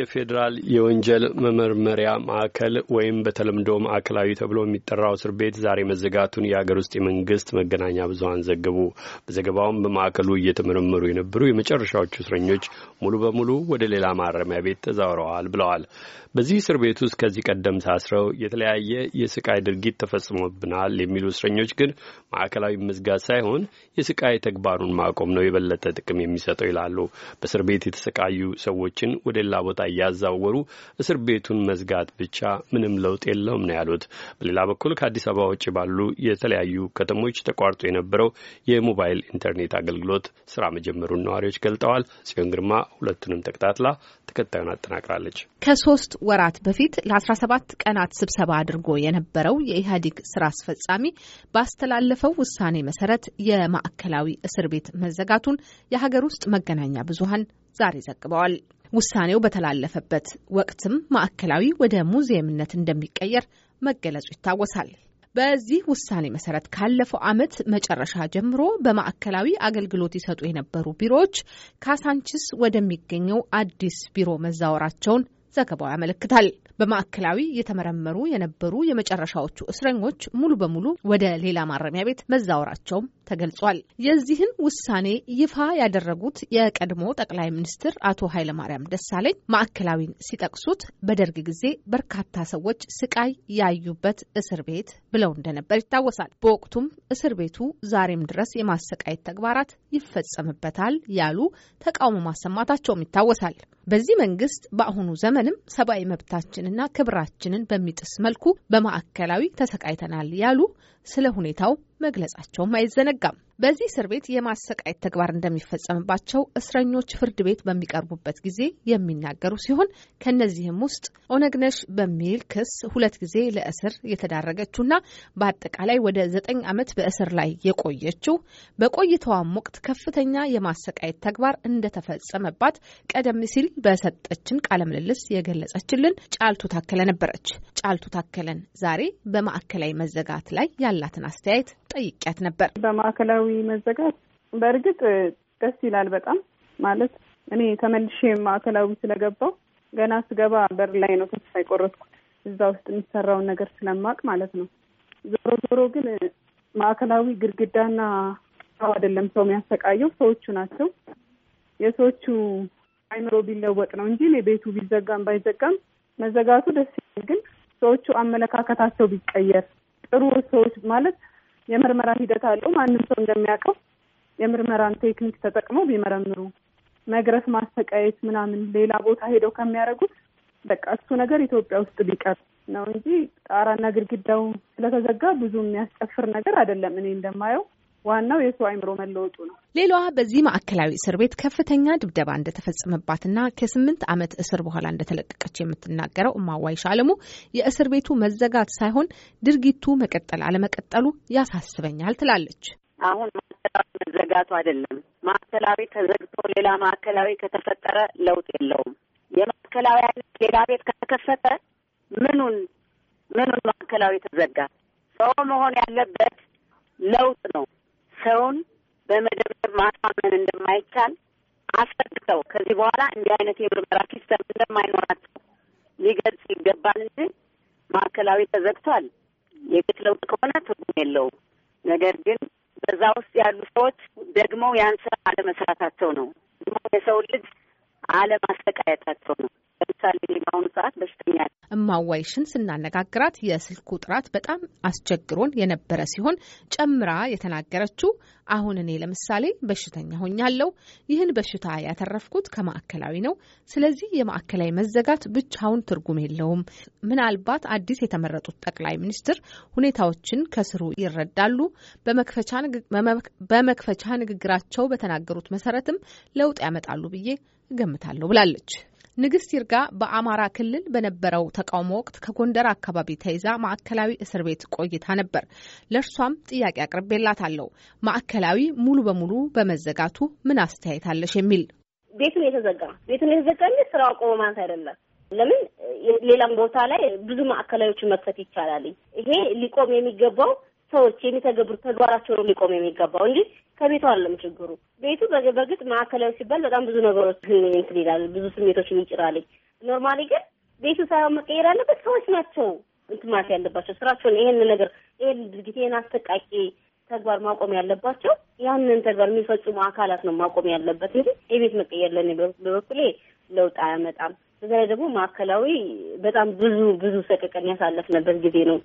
የፌዴራል የወንጀል መመርመሪያ ማዕከል ወይም በተለምዶ ማዕከላዊ ተብሎ የሚጠራው እስር ቤት ዛሬ መዘጋቱን የአገር ውስጥ የመንግስት መገናኛ ብዙኃን ዘግቡ። በዘገባውም በማዕከሉ እየተመረመሩ የነበሩ የመጨረሻዎቹ እስረኞች ሙሉ በሙሉ ወደ ሌላ ማረሚያ ቤት ተዛውረዋል ብለዋል። በዚህ እስር ቤት ውስጥ ከዚህ ቀደም ታስረው የተለያየ የስቃይ ድርጊት ተፈጽሞብናል የሚሉ እስረኞች ግን ማዕከላዊ መዝጋት ሳይሆን የስቃይ ተግባሩን ማቆም ነው የበለጠ ጥቅም የሚሰጠው ይላሉ። በእስር ቤት የተሰቃዩ ሰዎችን ወደ ሌላ ቦታ እያዛወሩ እስር ቤቱን መዝጋት ብቻ ምንም ለውጥ የለውም ነው ያሉት። በሌላ በኩል ከአዲስ አበባ ውጭ ባሉ የተለያዩ ከተሞች ተቋርጦ የነበረው የሞባይል ኢንተርኔት አገልግሎት ስራ መጀመሩን ነዋሪዎች ገልጠዋል። ጽዮን ግርማ ሁለቱንም ተከታትላ ተከታዩን አጠናቅራለች። ከሶስት ወራት በፊት ለ17 ቀናት ስብሰባ አድርጎ የነበረው የኢህአዴግ ስራ አስፈጻሚ ባስተላለፈው ውሳኔ መሰረት የማዕከላዊ እስር ቤት መዘጋቱን የሀገር ውስጥ መገናኛ ብዙሀን ዛሬ ዘግበዋል። ውሳኔው በተላለፈበት ወቅትም ማዕከላዊ ወደ ሙዚየምነት እንደሚቀየር መገለጹ ይታወሳል። በዚህ ውሳኔ መሰረት ካለፈው ዓመት መጨረሻ ጀምሮ በማዕከላዊ አገልግሎት ይሰጡ የነበሩ ቢሮዎች ካሳንችስ ወደሚገኘው አዲስ ቢሮ መዛወራቸውን ዘገባው ያመለክታል። በማዕከላዊ የተመረመሩ የነበሩ የመጨረሻዎቹ እስረኞች ሙሉ በሙሉ ወደ ሌላ ማረሚያ ቤት መዛወራቸውም ተገልጿል። የዚህን ውሳኔ ይፋ ያደረጉት የቀድሞ ጠቅላይ ሚኒስትር አቶ ኃይለማርያም ደሳለኝ ማዕከላዊን ሲጠቅሱት በደርግ ጊዜ በርካታ ሰዎች ስቃይ ያዩበት እስር ቤት ብለው እንደነበር ይታወሳል። በወቅቱም እስር ቤቱ ዛሬም ድረስ የማሰቃየት ተግባራት ይፈጸምበታል ያሉ ተቃውሞ ማሰማታቸውም ይታወሳል። በዚህ መንግስት በአሁኑ ዘመንም ሰብአዊ መብታችንና ክብራችንን በሚጥስ መልኩ በማዕከላዊ ተሰቃይተናል ያሉ ስለ ሁኔታው መግለጻቸውም አይዘነጋም። በዚህ እስር ቤት የማሰቃየት ተግባር እንደሚፈጸምባቸው እስረኞች ፍርድ ቤት በሚቀርቡበት ጊዜ የሚናገሩ ሲሆን ከእነዚህም ውስጥ ኦነግነሽ በሚል ክስ ሁለት ጊዜ ለእስር የተዳረገችውና በአጠቃላይ ወደ ዘጠኝ ዓመት በእስር ላይ የቆየችው በቆይታዋም ወቅት ከፍተኛ የማሰቃየት ተግባር እንደተፈጸመባት ቀደም ሲል በሰጠችን ቃለ ምልልስ የገለጸችልን ጫልቱ ታከለ ነበረች። ጫልቱ ታከለን ዛሬ በማዕከላዊ መዘጋት ላይ ያላትን አስተያየት ጠይቂያት ነበር። በማዕከላዊ መዘጋት በእርግጥ ደስ ይላል በጣም ማለት እኔ ተመልሼ ማዕከላዊ ስለገባው ገና ስገባ በር ላይ ነው ተስፋ የቆረጥኩት እዛ ውስጥ የሚሰራውን ነገር ስለማቅ ማለት ነው። ዞሮ ዞሮ ግን ማዕከላዊ ግድግዳና ሰው አይደለም ሰው የሚያሰቃየው ሰዎቹ ናቸው። የሰዎቹ አይምሮ ቢለወጥ ነው እንጂ ቤቱ ቢዘጋም ባይዘጋም መዘጋቱ ደስ ይላል። ግን ሰዎቹ አመለካከታቸው ቢቀየር ጥሩ ሰዎች ማለት የምርመራ ሂደት አለው። ማንም ሰው እንደሚያውቀው የምርመራን ቴክኒክ ተጠቅመው ቢመረምሩ መግረፍ፣ ማሰቃየት ምናምን ሌላ ቦታ ሄደው ከሚያደርጉት በቃ እሱ ነገር ኢትዮጵያ ውስጥ ቢቀር ነው እንጂ ጣራና ግድግዳው ስለተዘጋ ብዙ የሚያስጨፍር ነገር አይደለም። እኔ እንደማየው ዋናው የሰው አይምሮ መለወጡ ነው። ሌላዋ በዚህ ማዕከላዊ እስር ቤት ከፍተኛ ድብደባ እንደተፈጸመባትና ከስምንት ዓመት እስር በኋላ እንደተለቀቀች የምትናገረው እማዋይሽ አለሙ የእስር ቤቱ መዘጋት ሳይሆን ድርጊቱ መቀጠል አለመቀጠሉ ያሳስበኛል ትላለች። አሁን ማዕከላዊ መዘጋቱ አይደለም። ማዕከላዊ ተዘግቶ ሌላ ማዕከላዊ ከተፈጠረ ለውጥ የለውም። የማዕከላዊ አይነት ሌላ ቤት ከተከፈተ ምኑን ምኑን ማዕከላዊ ተዘጋ? ሰው መሆን ያለበት ለውጥ ነው። ሰውን በመደብደብ ማሳመን እንደማይቻል አስረድተው ከዚህ በኋላ እንዲህ አይነት የምርመራ ሲስተም እንደማይኖራቸው ሊገልጽ ይገባል እንጂ ማዕከላዊ ተዘግቷል የቤት ለውጥ ከሆነ ትርጉም የለውም። ነገር ግን በዛ ውስጥ ያሉ ሰዎች ደግሞ ያን ስራ አለመስራታቸው ነው። ደግሞ የሰውን ልጅ አለማሰቃየታቸው ነው። ለምሳሌ በአሁኑ ሰዓት በሽተኛ እማዋይሽን ስናነጋግራት የስልኩ ጥራት በጣም አስቸግሮን የነበረ ሲሆን ጨምራ የተናገረችው አሁን እኔ ለምሳሌ በሽተኛ ሆኛለሁ። ይህን በሽታ ያተረፍኩት ከማዕከላዊ ነው። ስለዚህ የማዕከላዊ መዘጋት ብቻውን ትርጉም የለውም። ምናልባት አዲስ የተመረጡት ጠቅላይ ሚኒስትር ሁኔታዎችን ከስሩ ይረዳሉ። በመክፈቻ ንግግራቸው በተናገሩት መሰረትም ለውጥ ያመጣሉ ብዬ እገምታለሁ ብላለች። ንግስት ይርጋ በአማራ ክልል በነበረው ተቃውሞ ወቅት ከጎንደር አካባቢ ተይዛ ማዕከላዊ እስር ቤት ቆይታ ነበር። ለእርሷም ጥያቄ አቅርቤላታለሁ። ማዕከላዊ ሙሉ በሙሉ በመዘጋቱ ምን አስተያየት አለሽ? የሚል ቤቱን የተዘጋ ቤቱን የተዘጋ ስራው አቆመ ማለት አይደለም። ለምን ሌላም ቦታ ላይ ብዙ ማዕከላዊዎችን መክፈት ይቻላል። ይሄ ሊቆም የሚገባው ሰዎች የሚተገብሩት ተግባራቸው ነው ሊቆም የሚገባው እንጂ ከቤቱ አለም ችግሩ ቤቱ በግጥ ማዕከላዊ ሲባል በጣም ብዙ ነገሮች እንትን ይላል፣ ብዙ ስሜቶችን ይጭራል። ኖርማሊ ግን ቤቱ ሳይሆን መቀየር ያለበት ሰዎች ናቸው እንትን ማለት ያለባቸው ስራቸውን፣ ይሄን ነገር ይሄን ድርጊት ይሄን አስጠቃቂ ተግባር ማቆም ያለባቸው ያንን ተግባር የሚፈጽሙ አካላት ነው ማቆም ያለበት እንጂ የቤት መቀየር ለእኔ በበኩሌ ለውጥ አያመጣም። በዛ ላይ ደግሞ ማዕከላዊ በጣም ብዙ ብዙ ሰቀቀን ያሳለፍንበት ጊዜ ነው።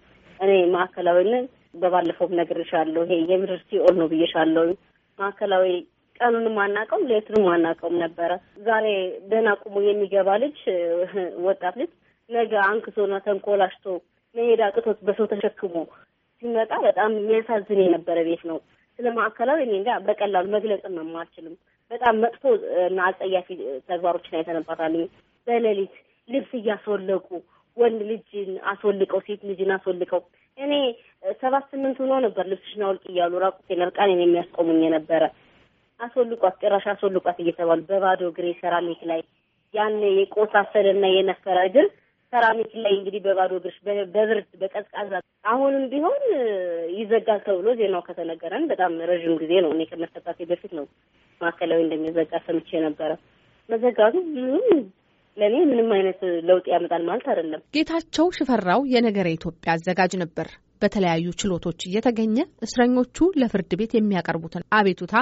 እኔ ማዕከላዊነት በባለፈውም ነግሬሻለሁ። ይሄ የምድር ሲኦል ነው ብዬሻለሁ። ማዕከላዊ ቀኑንም አናውቀውም ሌቱንም አናውቀውም ነበረ። ዛሬ ደህና ቁሙ የሚገባ ልጅ ወጣት ልጅ ነገ አንክሶና ተንኮላሽቶ መሄድ አቅቶት በሰው ተሸክሞ ሲመጣ በጣም የሚያሳዝን የነበረ ቤት ነው። ስለ ማዕከላዊ እኔ እንጃ በቀላሉ መግለጽም አልችልም። በጣም መጥፎ እና አጸያፊ ተግባሮችን አይተንባታል። በሌሊት ልብስ እያስወለቁ ወንድ ልጅን አስወልቀው ሴት ልጅን አስወልቀው እኔ ሰባት ስምንት ሆኖ ነበር ልብስሽን አውልቅ እያሉ ራቁቴን እኔ የሚያስቆሙኝ የነበረ። አስወልቋት ጭራሽ አስወልቋት እየተባሉ በባዶ እግሬ ሴራሚክ ላይ ያን የቆሳሰለና የነፈረ እግር ሴራሚክ ላይ እንግዲህ በባዶ እግርሽ በብርድ በቀዝቃዛ አሁንም ቢሆን ይዘጋል ተብሎ ዜናው ከተነገረን በጣም ረዥም ጊዜ ነው። እኔ ከመሰጣቴ በፊት ነው ማዕከላዊ እንደሚዘጋ ሰምቼ ነበረ። መዘጋቱ ብዙም ለእኔ ምንም አይነት ለውጥ ያመጣል ማለት አይደለም። ጌታቸው ሽፈራው የነገረ ኢትዮጵያ አዘጋጅ ነበር። በተለያዩ ችሎቶች እየተገኘ እስረኞቹ ለፍርድ ቤት የሚያቀርቡትን አቤቱታ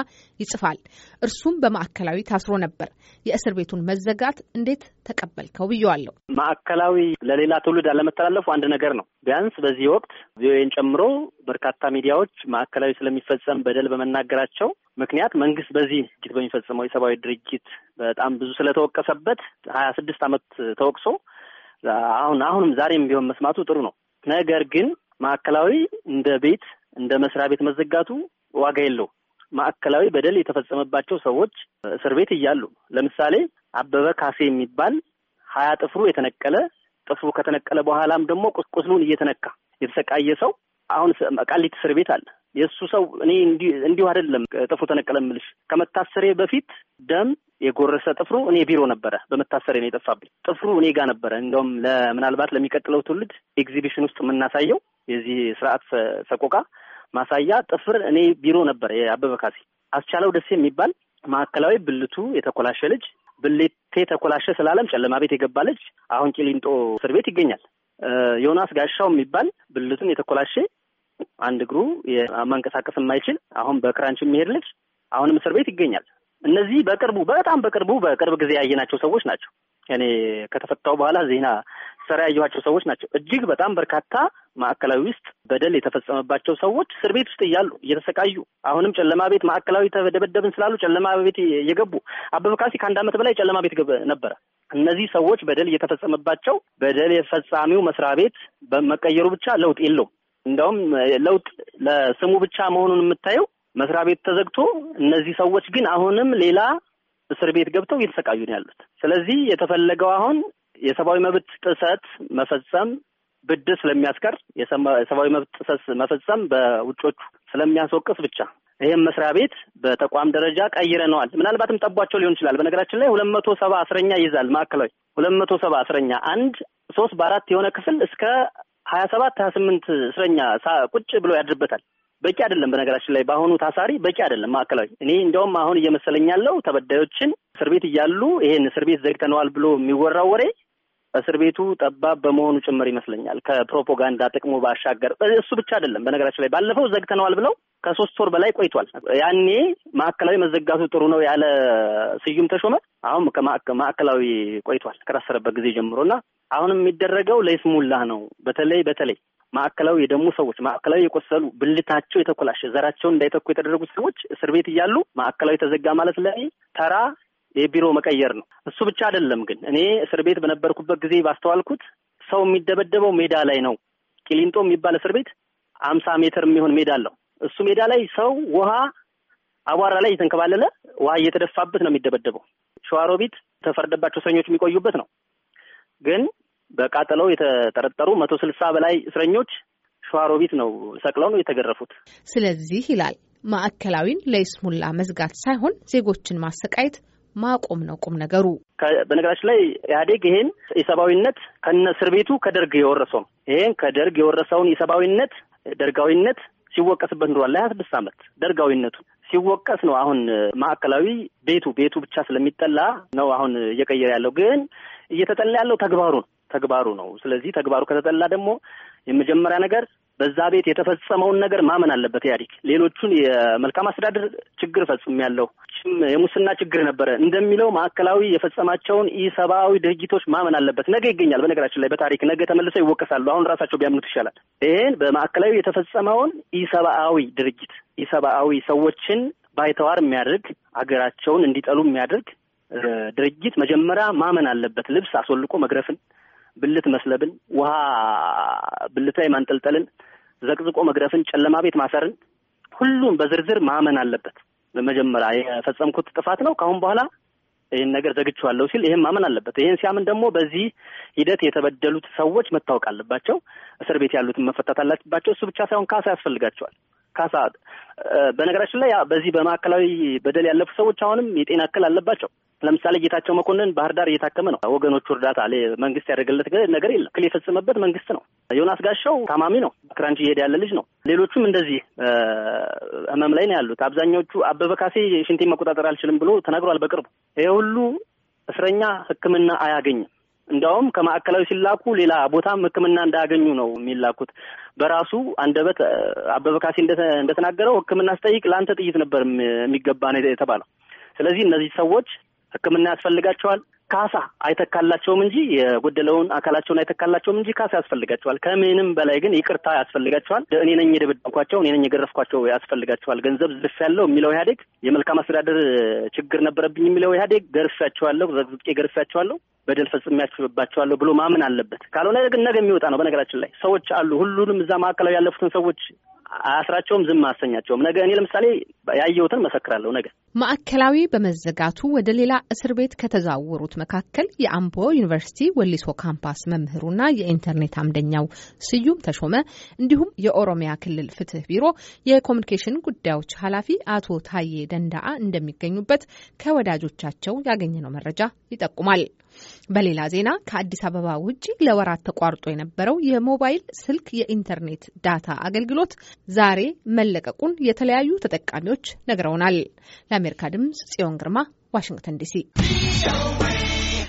ይጽፋል። እርሱም በማዕከላዊ ታስሮ ነበር። የእስር ቤቱን መዘጋት እንዴት ተቀበልከው ብየዋለሁ። ማዕከላዊ ለሌላ ትውልድ አለመተላለፉ አንድ ነገር ነው። ቢያንስ በዚህ ወቅት ቪኦኤን ጨምሮ በርካታ ሚዲያዎች ማዕከላዊ ስለሚፈጸም በደል በመናገራቸው ምክንያት መንግስት በዚህ ድርጊት በሚፈጽመው የሰብአዊ ድርጅት በጣም ብዙ ስለተወቀሰበት ሀያ ስድስት አመት ተወቅሶ አሁን አሁንም ዛሬም ቢሆን መስማቱ ጥሩ ነው። ነገር ግን ማዕከላዊ እንደ ቤት እንደ መስሪያ ቤት መዘጋቱ ዋጋ የለው። ማዕከላዊ በደል የተፈጸመባቸው ሰዎች እስር ቤት እያሉ ለምሳሌ አበበ ካሴ የሚባል ሀያ ጥፍሩ የተነቀለ ጥፍሩ ከተነቀለ በኋላም ደግሞ ቁስሉን እየተነካ የተሰቃየ ሰው አሁን ቃሊት እስር ቤት አለ። የእሱ ሰው እኔ እንዲሁ አይደለም ጥፍሩ ተነቀለ ምልሽ ከመታሰሬ በፊት ደም የጎረሰ ጥፍሩ እኔ ቢሮ ነበረ። በመታሰሬ ነው የጠፋብኝ። ጥፍሩ እኔ ጋር ነበረ። እንደውም ለምናልባት ለሚቀጥለው ትውልድ ኤግዚቢሽን ውስጥ የምናሳየው የዚህ ስርዓት ሰቆቃ ማሳያ ጥፍር እኔ ቢሮ ነበረ። የአበበ ካሴ አስቻለው ደሴ የሚባል ማዕከላዊ ብልቱ የተኮላሸ ልጅ ብልቴ ተኮላሸ ስላለም ጨለማ ቤት የገባ ልጅ አሁን ቂሊንጦ እስር ቤት ይገኛል። ዮናስ ጋሻው የሚባል ብልቱን የተኮላሸ አንድ እግሩ መንቀሳቀስ የማይችል አሁን በክራንች የሚሄድ ልጅ አሁንም እስር ቤት ይገኛል። እነዚህ በቅርቡ በጣም በቅርቡ በቅርብ ጊዜ ያየናቸው ሰዎች ናቸው። እኔ ከተፈታው በኋላ ዜና ስራ ያየኋቸው ሰዎች ናቸው። እጅግ በጣም በርካታ ማዕከላዊ ውስጥ በደል የተፈጸመባቸው ሰዎች እስር ቤት ውስጥ እያሉ እየተሰቃዩ አሁንም ጨለማ ቤት ማዕከላዊ ተደበደብን ስላሉ ጨለማ ቤት እየገቡ አበበ ካሴ ከአንድ ዓመት በላይ ጨለማ ቤት ነበረ። እነዚህ ሰዎች በደል እየተፈጸመባቸው በደል የፈጻሚው መስሪያ ቤት በመቀየሩ ብቻ ለውጥ የለውም። እንደውም ለውጥ ለስሙ ብቻ መሆኑን የምታየው መስሪያ ቤት ተዘግቶ እነዚህ ሰዎች ግን አሁንም ሌላ እስር ቤት ገብተው እየተሰቃዩ ነው ያሉት። ስለዚህ የተፈለገው አሁን የሰብአዊ መብት ጥሰት መፈጸም ብድር ስለሚያስቀር የሰብአዊ መብት ጥሰት መፈጸም በውጮቹ ስለሚያስወቅስ ብቻ ይህም መስሪያ ቤት በተቋም ደረጃ ቀይረነዋል። ምናልባትም ጠቧቸው ሊሆን ይችላል። በነገራችን ላይ ሁለት መቶ ሰባ እስረኛ ይይዛል ማዕከላዊ ሁለት መቶ ሰባ እስረኛ አንድ ሶስት በአራት የሆነ ክፍል እስከ ሀያ ሰባት ሀያ ስምንት እስረኛ ቁጭ ብሎ ያድርበታል። በቂ አይደለም። በነገራችን ላይ በአሁኑ ታሳሪ በቂ አይደለም ማዕከላዊ። እኔ እንዲያውም አሁን እየመሰለኝ ያለው ተበዳዮችን እስር ቤት እያሉ ይሄን እስር ቤት ዘግተነዋል ብሎ የሚወራው ወሬ እስር ቤቱ ጠባብ በመሆኑ ጭምር ይመስለኛል። ከፕሮፓጋንዳ ጥቅሙ ባሻገር እሱ ብቻ አይደለም። በነገራችን ላይ ባለፈው ዘግተነዋል ብለው ከሶስት ወር በላይ ቆይቷል። ያኔ ማዕከላዊ መዘጋቱ ጥሩ ነው ያለ ስዩም ተሾመ አሁን ከማዕከላዊ ቆይቷል ከታሰረበት ጊዜ ጀምሮና አሁንም የሚደረገው ለይስሙላህ ነው። በተለይ በተለይ ማዕከላዊ የደሙ ሰዎች ማዕከላዊ የቆሰሉ ብልታቸው የተኮላሸ ዘራቸውን እንዳይተኩ የተደረጉት ሰዎች እስር ቤት እያሉ ማዕከላዊ ተዘጋ ማለት ለኔ ተራ የቢሮ መቀየር ነው። እሱ ብቻ አይደለም ግን እኔ እስር ቤት በነበርኩበት ጊዜ ባስተዋልኩት ሰው የሚደበደበው ሜዳ ላይ ነው። ቂሊንጦ የሚባል እስር ቤት አምሳ ሜትር የሚሆን ሜዳ አለው። እሱ ሜዳ ላይ ሰው ውሃ አቧራ ላይ እየተንከባለለ ውሃ እየተደፋበት ነው የሚደበደበው። ሸዋሮቢት ተፈረደባቸው እስረኞች የሚቆዩበት ነው። ግን በቃጠለው የተጠረጠሩ መቶ ስልሳ በላይ እስረኞች ሸዋሮቢት ነው ሰቅለው ነው የተገረፉት። ስለዚህ ይላል ማዕከላዊን ለይስሙላ መዝጋት ሳይሆን ዜጎችን ማሰቃየት ማቆም ነው ቁም ነገሩ። በነገራችን ላይ ኢህአዴግ ይሄን የሰብአዊነት ከነ እስር ቤቱ ከደርግ የወረሰው ነው። ይሄን ከደርግ የወረሰውን የሰብአዊነት ደርጋዊነት ሲወቀስበት ኑሯል። ለሀያ ስድስት አመት ደርጋዊነቱ ሲወቀስ ነው። አሁን ማዕከላዊ ቤቱ ቤቱ ብቻ ስለሚጠላ ነው አሁን እየቀየረ ያለው ግን እየተጠላ ያለው ተግባሩ ተግባሩ ነው። ስለዚህ ተግባሩ ከተጠላ ደግሞ የመጀመሪያ ነገር በዛ ቤት የተፈጸመውን ነገር ማመን አለበት ኢህአዴግ። ሌሎቹን የመልካም አስተዳደር ችግር ፈጽም ያለው የሙስና ችግር ነበረ እንደሚለው ማዕከላዊ የፈጸማቸውን ኢሰብአዊ ድርጊቶች ማመን አለበት። ነገ ይገኛል። በነገራችን ላይ በታሪክ ነገ ተመልሰው ይወቀሳሉ። አሁን ራሳቸው ቢያምኑት ይሻላል። ይህን በማዕከላዊ የተፈጸመውን ኢሰብአዊ ድርጊት ኢሰብአዊ ሰዎችን ባይተዋር የሚያደርግ ሀገራቸውን እንዲጠሉ የሚያደርግ ድርጅት መጀመሪያ ማመን አለበት። ልብስ አስወልቆ መግረፍን፣ ብልት መስለብን፣ ውሃ ብልት ላይ ማንጠልጠልን፣ ዘቅዝቆ መግረፍን፣ ጨለማ ቤት ማሰርን፣ ሁሉም በዝርዝር ማመን አለበት። መጀመሪያ የፈጸምኩት ጥፋት ነው ከአሁን በኋላ ይህን ነገር ዘግቼዋለሁ ሲል ይህን ማመን አለበት። ይህን ሲያምን ደግሞ በዚህ ሂደት የተበደሉት ሰዎች መታወቅ አለባቸው። እስር ቤት ያሉትን መፈታት አለባቸው። እሱ ብቻ ሳይሆን ካሳ ያስፈልጋቸዋል። ካሳ በነገራችን ላይ በዚህ በማዕከላዊ በደል ያለፉ ሰዎች አሁንም የጤና እክል አለባቸው። ለምሳሌ ጌታቸው መኮንን ባህር ዳር እየታከመ ነው። ወገኖቹ እርዳታ መንግስት ያደረገለት ነገር የለም። ክል የፈጸመበት መንግስት ነው። ዮናስ ጋሻው ታማሚ ነው። ክራንች እየሄደ ያለ ልጅ ነው። ሌሎቹም እንደዚህ ህመም ላይ ነው ያሉት። አብዛኛዎቹ አበበ ካሴ ሽንቴን መቆጣጠር አልችልም ብሎ ተናግሯል። በቅርቡ ይህ ሁሉ እስረኛ ህክምና አያገኝም። እንዲያውም ከማዕከላዊ ሲላኩ ሌላ ቦታም ህክምና እንዳያገኙ ነው የሚላኩት። በራሱ አንደበት አበበ ካሴ እንደተናገረው ህክምና ስጠይቅ ለአንተ ጥይት ነበር የሚገባ ነው የተባለው። ስለዚህ እነዚህ ሰዎች ሕክምና ያስፈልጋቸዋል። ካሳ አይተካላቸውም እንጂ የጎደለውን አካላቸውን አይተካላቸውም እንጂ ካሳ ያስፈልጋቸዋል። ከምንም በላይ ግን ይቅርታ ያስፈልጋቸዋል። እኔ ነኝ የደበደብኳቸው፣ እኔ ነኝ የገረፍኳቸው ያስፈልጋቸዋል። ገንዘብ ያለው የሚለው ኢህአዴግ የመልካም አስተዳደር ችግር ነበረብኝ የሚለው ኢህአዴግ ገርፌያቸዋለሁ፣ ዘግዝቄ ገርፌያቸዋለሁ፣ በደል ፈጽሜያቸዋለሁ ብሎ ማመን አለበት። ካልሆነ ግን ነገ የሚወጣ ነው። በነገራችን ላይ ሰዎች አሉ። ሁሉንም እዛ ማዕከላዊ ያለፉትን ሰዎች አስራቸውም ዝም አሰኛቸውም። ነገ እኔ ለምሳሌ ያየሁትን መሰክራለሁ። ነገ ማዕከላዊ በመዘጋቱ ወደ ሌላ እስር ቤት ከተዛወሩት መካከል የአምቦ ዩኒቨርሲቲ ወሊሶ ካምፓስ መምህሩና የኢንተርኔት አምደኛው ስዩም ተሾመ እንዲሁም የኦሮሚያ ክልል ፍትህ ቢሮ የኮሚኒኬሽን ጉዳዮች ኃላፊ አቶ ታዬ ደንዳአ እንደሚገኙበት ከወዳጆቻቸው ያገኘነው መረጃ ይጠቁማል። በሌላ ዜና ከአዲስ አበባ ውጭ ለወራት ተቋርጦ የነበረው የሞባይል ስልክ የኢንተርኔት ዳታ አገልግሎት ዛሬ መለቀቁን የተለያዩ ተጠቃሚዎች ነግረውናል። ለአሜሪካ ድምጽ ጽዮን ግርማ ዋሽንግተን ዲሲ